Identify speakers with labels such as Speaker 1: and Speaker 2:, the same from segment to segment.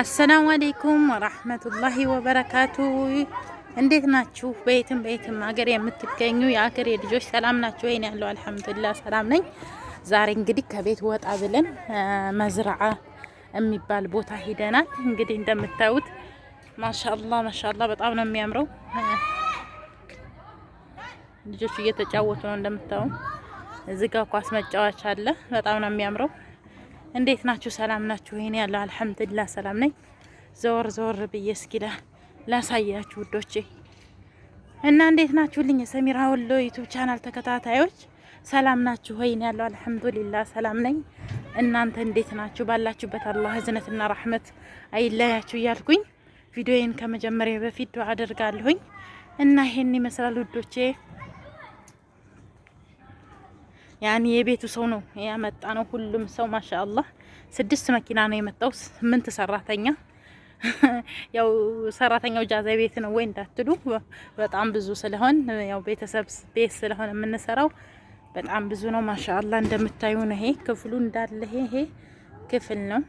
Speaker 1: አሰላሙ አሌይኩም ወራህመቱላሂ ወበረካቱ። እንዴት ናችሁ? በየትም በየትም ሀገር የምትገኙ የአገሬ ልጆች ሰላም ናችሁ ወይን ያለው አልሐምዱሊላህ ሰላም ነኝ። ዛሬ እንግዲህ ከቤት ወጣ ብለን መዝረዓ የሚባል ቦታ ሂደናል። እንግዲህ እንደምታዩት ማሻላ ማሻላ በጣም ነው የሚያምረው። ልጆቹ እየተጫወቱ ነው እንደምታዩ። እዚህ ጋር ኳስ መጫወቻ አለ። በጣም ነው የሚያምረው። እንዴት ናችሁ? ሰላም ናችሁ? ይሄን ያለው አልሐምዱሊላህ ሰላም ነኝ። ዞር ዞር ብዬ እስኪ ላሳያችሁ ውዶቼ እና እንዴት ልኝ የሰሚራ ወሎ ዩቲዩብ ቻናል ተከታታዮች ሰላም ናችሁ ወይ? እኔ ያለው አልሐምዱሊላህ ሰላም ነኝ። እናንተ እንዴት ናችሁ? ባላችሁበት አላህ ህዝነትና ራህመት አይለያችሁ እያልኩኝ ቪዲዮዬን ከመጀመሪያ በፊት ዱዓ አደርጋለሁኝ እና ይሄን ይመስላል ውዶቼ ያን የቤቱ ሰው ነው ያመጣ ነው። ሁሉም ሰው ማሻአላህ ስድስት መኪና ነው የመጣው፣ ስምንት ሰራተኛ። ያው ሰራተኛው ጃዛ ቤት ነው ወይ እንዳትሉ፣ በጣም ብዙ ስለሆን ያው ቤተሰብ ቤት ስለሆነ የምንሰራው በጣም ብዙ ነው። ማሻአላህ እንደምታዩ ነው። ይሄ ክፍሉ እንዳለ ይሄ ክፍል ነው።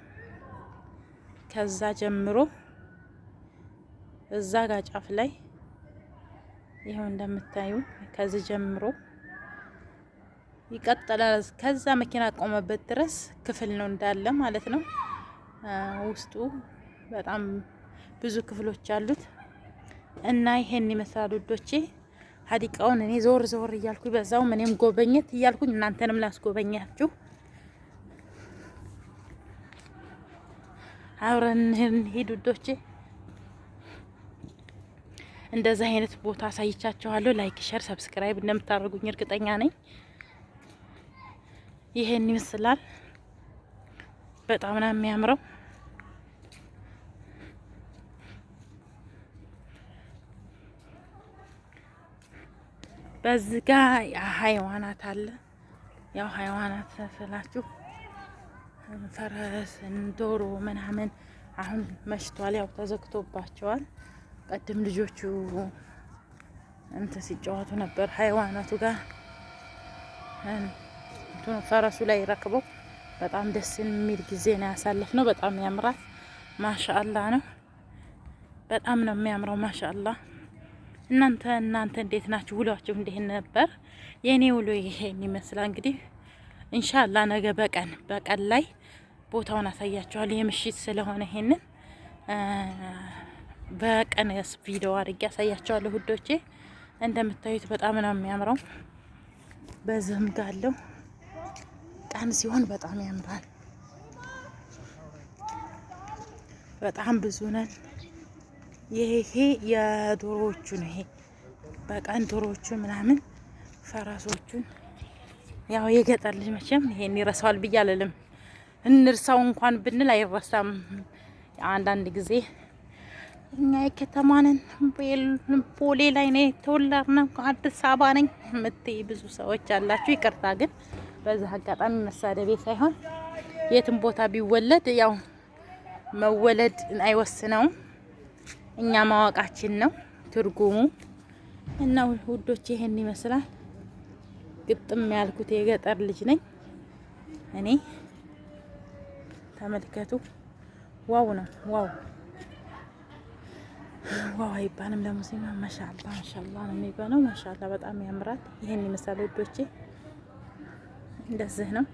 Speaker 1: ከዛ ጀምሮ እዛ ጋር ጫፍ ላይ ይኸው እንደምታዩ ከዚህ ጀምሮ ይቀጥላል። ከዛ መኪና ቆመበት ድረስ ክፍል ነው እንዳለ ማለት ነው። ውስጡ በጣም ብዙ ክፍሎች አሉት እና ይሄን ይመስላል ውዶቼ። ሀዲቃውን እኔ ዞር ዞር እያልኩኝ በዛው እኔም ጎበኘት እያልኩኝ እናንተንም ላስጎበኛችሁ አብረን እንሂድ ውዶቼ። እንደዚህ አይነት ቦታ አሳይቻችኋለሁ። ላይክ፣ ሸር፣ ሰብስክራይብ እንደምታደርጉኝ እርግጠኛ ነኝ። ይሄን ይመስላል። በጣም ነው የሚያምረው። በዚህ ጋ የሀይዋናት አለ። ያው ሀይዋናት ስላችሁ ፈረስን ዶሮ ምናምን አሁን መሽቷል። ያው ተዘግቶባቸዋል። ቀድም ልጆቹ እንትን ሲጫወቱ ነበር ሀይዋናቱ ጋር ማለት ፈረሱ ላይ ረክበው በጣም ደስ የሚል ጊዜ ነው ያሳለፍ ነው። በጣም ያምራል። ማሻአላ ነው። በጣም ነው የሚያምረው። ማሻአላ እናንተ እናንተ እንዴት ናችሁ? ውሏችሁ እንዴት ነበር? የእኔ ውሎ ይሄን ይመስላል። እንግዲህ እንሻላ ነገ በቀን በቀን ላይ ቦታውን አሳያችኋል። የምሽት ስለሆነ ይሄንን በቀን ስ ቪዲዮ አድርጌ አሳያችኋለሁ። ውዶቼ እንደምታዩት በጣም ነው የሚያምረው። በዝም ጋለው ቀን ሲሆን በጣም ያምራል። በጣም ብዙ ነን። ይሄ የዶሮዎቹ ነው። ይሄ በቀን ዶሮዎቹ ምናምን ፈረሶቹን ያው የገጠር ልጅ መቼም ይሄን ይረሳዋል ብዬ አልልም። እንርሳው እንኳን ብንል አይረሳም። አንዳንድ ጊዜ እኛ የከተማንን ቦሌ ላይ ነው የተወለድነው፣ አዲስ አበባ ነኝ የምትይ ብዙ ሰዎች አላችሁ። ይቅርታ ግን በዛ አጋጣሚ መሳደቤ ሳይሆን የትም ቦታ ቢወለድ ያው መወለድ አይወስነውም፣ እኛ ማወቃችን ነው ትርጉሙ እና ውዶች ይሄን ይመስላል። ግጥም ያልኩት የገጠር ልጅ ነኝ እኔ። ተመልከቱ። ዋው ነው ዋው ዋው አይባልም ለሙስሊም ማሻአላ ማሻአላ ነው የሚባለው። ማሻአላ በጣም ያምራል። ይሄን ይመስላል ውዶቼ። እንደዚህ ነው።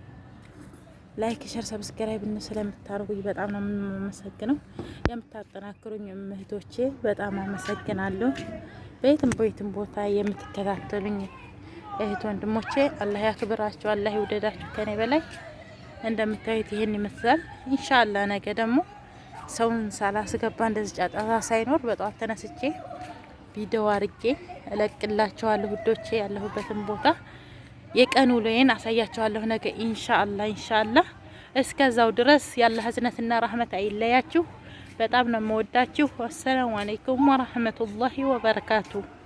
Speaker 1: ላይክ ሸር ሰብስክራይብ ስለምታደርጉኝ በጣም ነው የምመሰግነው። የምታጠናክሩኝ እህቶቼ በጣም አመሰግናለሁ። በየትም በየትም ቦታ የምትከታተሉኝ እህት ወንድሞቼ አላህ ያክብራችሁ፣ አላህ ይውደዳችሁ። ከኔ በላይ እንደምታዩት ይሄን ይመስላል። ኢንሻአላህ ነገ ደግሞ ሰውን ሳላስገባ እንደዚህ ጫጫታ ሳይኖር በጠዋት ተነስቼ ቪዲዮ አርጌ እለቅላችኋለሁ። ውዶቼ ያለሁበትን ቦታ የቀን ውሎዬን አሳያችኋለሁ ነገ ኢንሻአላ ኢንሻአላ። እስከዛው ድረስ ያለ ህዝነትና ረህመት አይለያችሁ። በጣም ነው የምወዳችሁ። አሰላሙ አለይኩም ወረህመቱላሂ ወበረካቱ